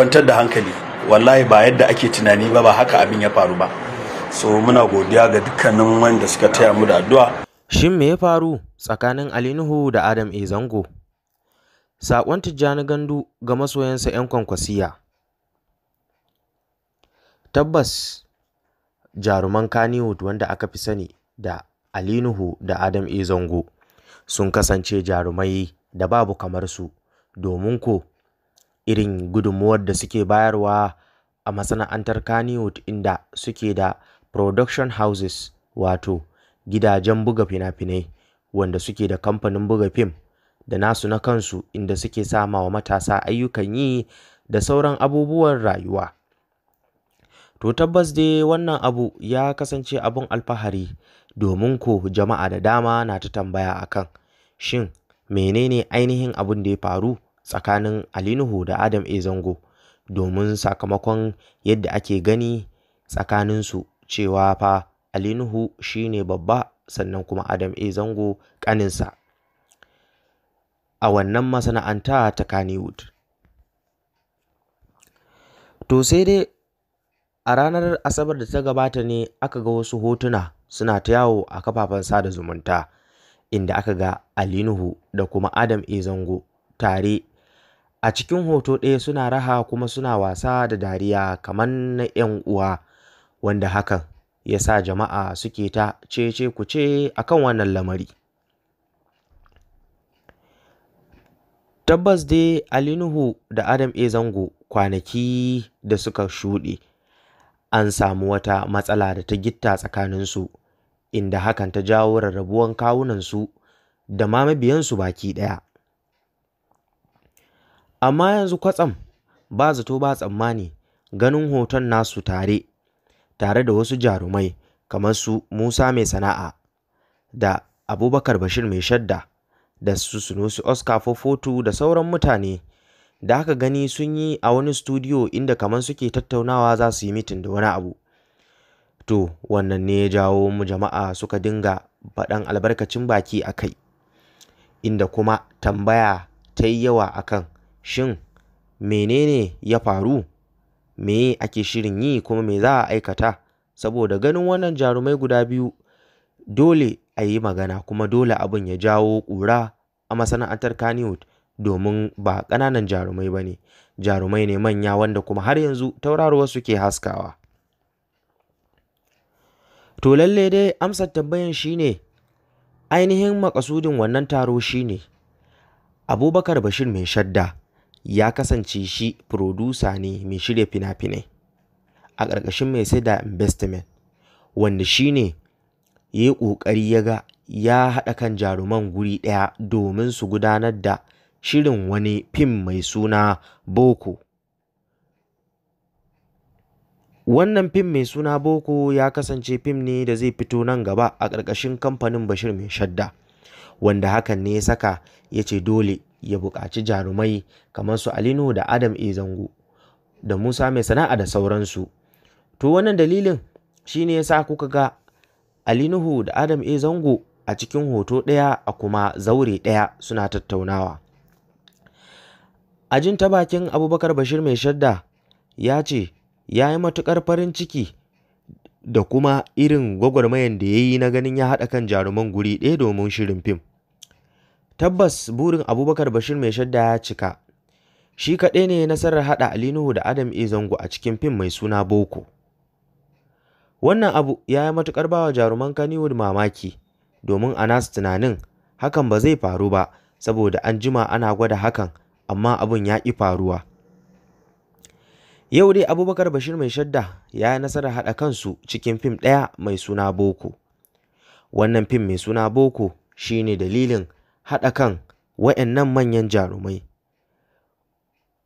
kwantar da hankali wallahi ba yadda ake tunani ba ba haka abin ya faru ba so muna godiya ga dukkanin wanda suka taya mu da addu'a shin me ya faru tsakanin alinuhu da adam e zango saƙon tijjani gandu ga masoyansa 'yan kwankwasiya tabbas jaruman kaniwood wanda aka fi sani da alinuhu da adam e zango sun kasance jarumai da babu kamar su domin ko irin gudunmuwar da suke bayarwa a masana'antar Kannywood inda suke da production houses wato gidajen buga fina-finai wanda suke da kamfanin buga fim da nasu na kansu inda suke sama wa matasa ayyukan yi da sauran abubuwan rayuwa. To tabbas dai wannan abu ya kasance abin alfahari domin ko jama'a da dama na ta tambaya akan shin menene ainihin abin da ya faru tsakanin Ali Nuhu da Adam A Zango domin sakamakon yadda ake gani tsakaninsu cewa fa Ali Nuhu ne babba sannan kuma Adam A Zango ƙaninsa a wannan masana'anta ta Kannywood. To sai dai a ranar Asabar da ta gabata ne aka ga wasu hotuna suna ta yawo a kafafen sada zumunta inda aka ga Ali Nuhu da kuma Adam Ezango Zango tare A cikin hoto ɗaya suna raha kuma suna wasa da dariya kamar na 'yan uwa, wanda hakan ya sa jama'a suke ta cece-kuce a kan wannan lamari. Tabbas dai Ali Nuhu da Adam A. Zango kwanaki da suka shuɗe an samu wata matsala da ta gitta tsakaninsu, inda hakan ta jawo rarrabuwan kawunansu da ma mabiyansu baki ɗaya. Amma yanzu kwatsam ba zato ba tsammani ganin hoton nasu tare, tare da wasu jarumai kamar su Musa Mai Sana'a da Abubakar Bashir Mai Shadda da su Sunusi Oscar Fofotu da sauran mutane da aka gani sun yi a wani studio inda kamar suke tattaunawa za su yi mitin da wani abu. To, wannan ne ya jawo mu jama'a suka dinga faɗan albarkacin baki a kai, inda kuma tambaya ta yi yawa kan. Shin menene ya faru? Me ake shirin yi kuma me za a aikata? Saboda ganin wannan jarumai guda biyu, dole a yi magana kuma dole abin ya jawo ƙura a masana'antar Kannywood domin ba ƙananan jarumai ba ne, jarumai ne manya wanda kuma har yanzu tauraruwarsu ke haskawa. To lalle dai amsar tambayan shi ne, ainihin makasudin wannan taro shi ne, Abubakar Bashir mai shadda ya kasance shi furodusa ne mai shirya fina-finai a ƙarƙashin mai sai da investment wanda shi ne ya yi ƙoƙari ya ga ya haɗa kan jaruman guri ɗaya domin su gudanar da shirin wani fim mai suna boko wannan fim mai suna boko ya kasance fim ne da zai fito nan gaba a ƙarƙashin kamfanin bashir mai shadda wanda hakan ne ya saka ya ce dole ya buƙaci jarumai kamar su Alinu da Adam e Zango da Musa mai sana'a da sauransu. To wannan dalilin shi ne ya sa kuka ga Alinuhu da Adam e Zango a cikin hoto ɗaya a kuma zaure ɗaya suna tattaunawa. Ajin ta bakin Abubakar Bashir mai shadda ya ce ya yi matuƙar farin ciki da kuma irin gwagwarmayan da ya yi na ganin ya haɗa kan jaruman guri ɗaya domin shirin fim. Tabbas burin Abubakar Bashir mai shadda ya cika. Shi kaɗai ne nasarar haɗa Ali Nuhu da Adam E. Zango a cikin fim mai suna Boko. Wannan abu ya yi matuƙar bawa jaruman Kannywood mamaki, domin a nasu tunanin hakan ba zai faru ba, saboda an jima ana gwada hakan, amma abin ya ƙi faruwa. Yau dai Abubakar Bashir mai shadda ya yi nasarar haɗa kansu cikin fim ɗaya mai suna Boko. Wannan fim mai suna Boko shine dalilin haɗa kan wayannan manyan jarumai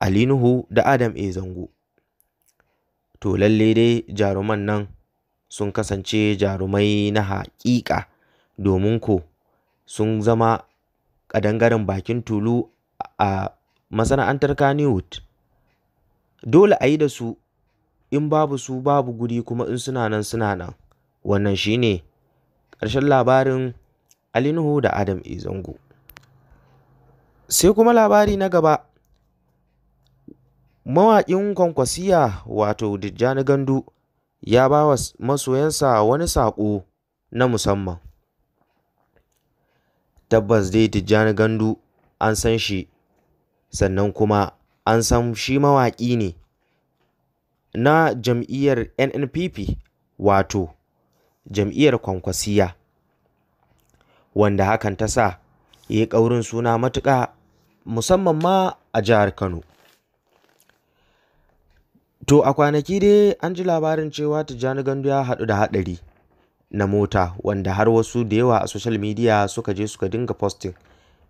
Ali Nuhu da Adam e Zango. To lalle dai jaruman nan sun kasance jarumai na haƙiƙa domin ko sun zama ƙadangaren bakin tulu a masana'antar Kannywood. Dole a yi da su in babu su babu guri kuma in suna nan suna nan. Wannan shi ne. ƙarshen labarin Ali Nuhu da Adam e Zango. Sai kuma labari na gaba, mawaƙin Kwankwasiya wato Dijjani Gandu ya ba wa masoyansa wani saƙo na musamman. Tabbas dai Dijjani Gandu an san shi sannan kuma an san shi mawaƙi ne na jam'iyyar NNPP wato jam'iyyar Kwankwasiya wanda hakan ta sa ya yi ƙaurin suna matuƙa musamman ma a jihar Kano. To a kwanaki dai an ji labarin cewa Tijjani Gandu ya haɗu da haɗari na mota wanda har wasu da yawa a social media suka je suka dinga posting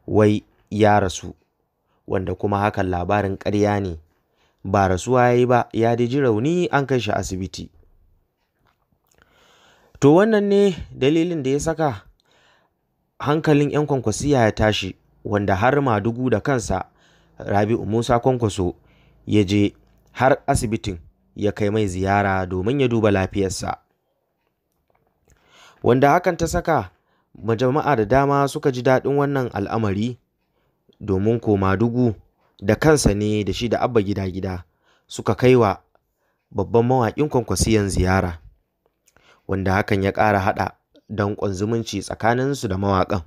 wai ya rasu wanda kuma hakan labarin ƙarya ne ba rasuwa ya yi ba ya ji rauni an kai shi asibiti. To wannan ne dalilin da ya saka hankalin 'yan kwankwasiya ya tashi wanda har Madugu da kansa Rabi'u Musa Kwankwaso ya je har asibitin ya kai mai ziyara domin ya duba lafiyarsa. Wanda hakan ta saka majama'a da dama suka ji daɗin wannan al'amari domin ko Madugu da kansa ne da shi da abba gida-gida suka kai wa babban mawaƙin kwankwasiyan ziyara wanda hakan ya ƙara haɗa don zumunci tsakaninsu da mawaƙan.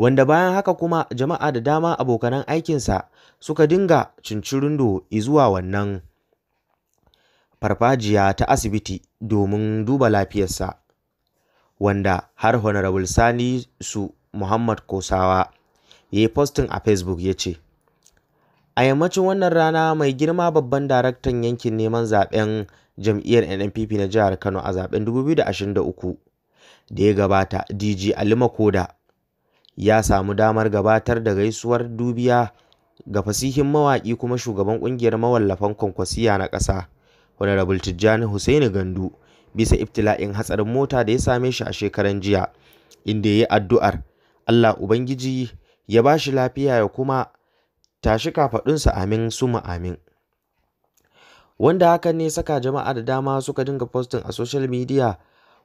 wanda bayan haka kuma jama'a da dama abokanan aikinsa suka dinga cincirindo zuwa wannan farfajiya ta asibiti domin duba lafiyarsa wanda har honorable sani su muhammad kosawa ya yi postin a facebook ya ce a yammacin wannan rana mai girma babban daraktan yankin neman zaben jam'iyyar nnpp na jihar kano a zaben 2023 da ya gabata DG ali makoda ya samu damar gabatar da gaisuwar dubiya ga fasihin mawaƙi kuma shugaban ƙungiyar mawallafan Kwankwasiya na ƙasa, Honorable Tijjani Hussaini Gandu, bisa ibtila'in hatsarin mota da ya same shi a shekaran jiya, inda ya yi addu'ar Allah Ubangiji ya ba shi lafiya ya kuma tashi kafaɗunsa amin suma amin. Wanda hakan ne saka jama'a da dama suka dinga postin a social media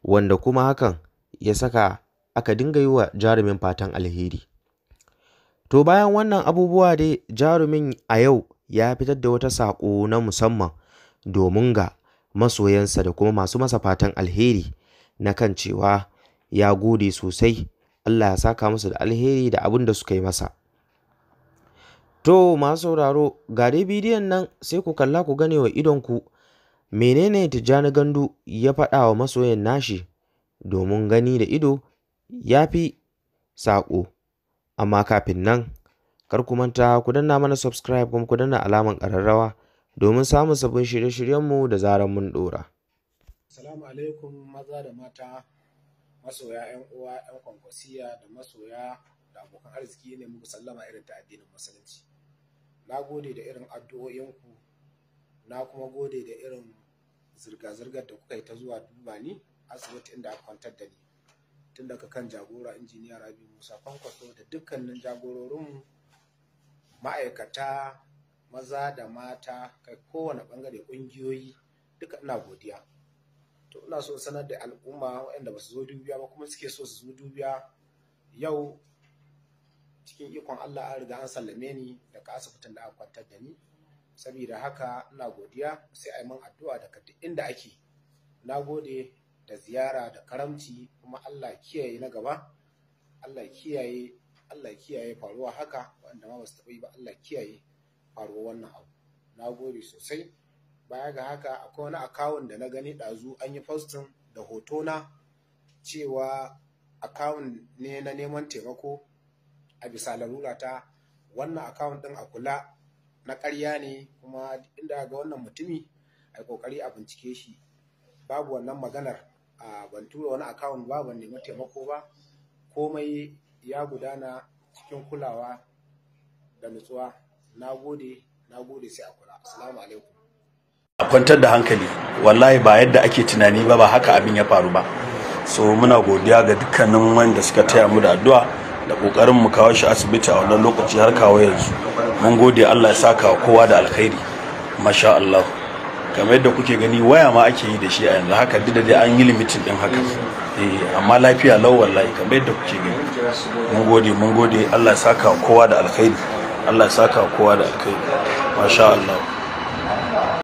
wanda kuma hakan ya saka aka dinga yi wa jarumin fatan alheri. To bayan wannan abubuwa dai jarumin a yau ya fitar da wata saƙo na musamman domin ga masoyansa da kuma masu masa fatan alheri na kan cewa ya gode sosai Allah ya saka musu da alheri da abin da suka yi masa. To masu sauraro ga dai bidiyon nan sai ku kalla ku gane wa idonku menene Tijjani Gandu ya faɗa wa masoyan nashi domin gani da ido ya fi saƙo. Amma kafin nan, kar ku manta ku danna mana subscribe kuma ku danna alamar ƙararrawa domin samun sabbin shirye-shiryenmu da zarar mun ɗora. Salamu alaikum maza da mata masoya 'yan uwa 'yan kwankwasiya da masoya da abokan arziki ne muku sallama irin ta addinin musulunci. Na gode da irin addu'o'inku na kuma gode da irin zirga-zirgar da kuka yi ta zuwa duba ni asibiti inda aka kwantar da ni. tun daga kan jagora injiniya rabi musa kwankwaso da dukkanin jagororin ma'aikata maza da mata kai kowane bangare kungiyoyi duka ina godiya to ina so sanar da al'umma waɗanda ba su zo dubiya ba kuma suke so su zo dubiya yau cikin ikon allah an riga an sallame ni da daga asibitin da aka kwantar da ni saboda haka ina godiya sai a yi min addu'a daga duk inda ake na gode da ziyara da karamci kuma Allah kiyaye na gaba Allah kiyaye Allah kiyaye faruwa haka wanda ma basu taɓa ba Allah kiyaye faruwa wannan abu na gode sosai baya ga haka akwai wani akawun da na gani ɗazu an yi postin da hotona cewa akawun ne na neman taimako a bisa larura ta wannan akawun ɗin a kula na ƙarya ne kuma inda ga wannan mutumi a yi ƙoƙari a bincike shi babu wannan maganar ban tura wani akawun ba ban nemi taimako ba komai ya gudana cikin kulawa da nutsuwa na gode na gode sai a kula assalamu alaikum a kwantar da hankali wallahi ba yadda ake tunani ba ba haka abin ya faru ba so muna godiya ga dukkanin wanda suka taya mu da addu'a da kokarin mu kawo shi asibiti a wannan lokaci har kawo yanzu mun gode Allah ya saka kowa da alkhairi masha Allah kamar yadda kuke gani waya ma ake yi da shi a yanzu haka duk da dai an yi limitin din haka eh amma lafiya lau wallahi kamar yadda kuke gani mun gode mun gode Allah ya saka kowa da alkhairi Allah ya saka kowa da alkhairi masha Allah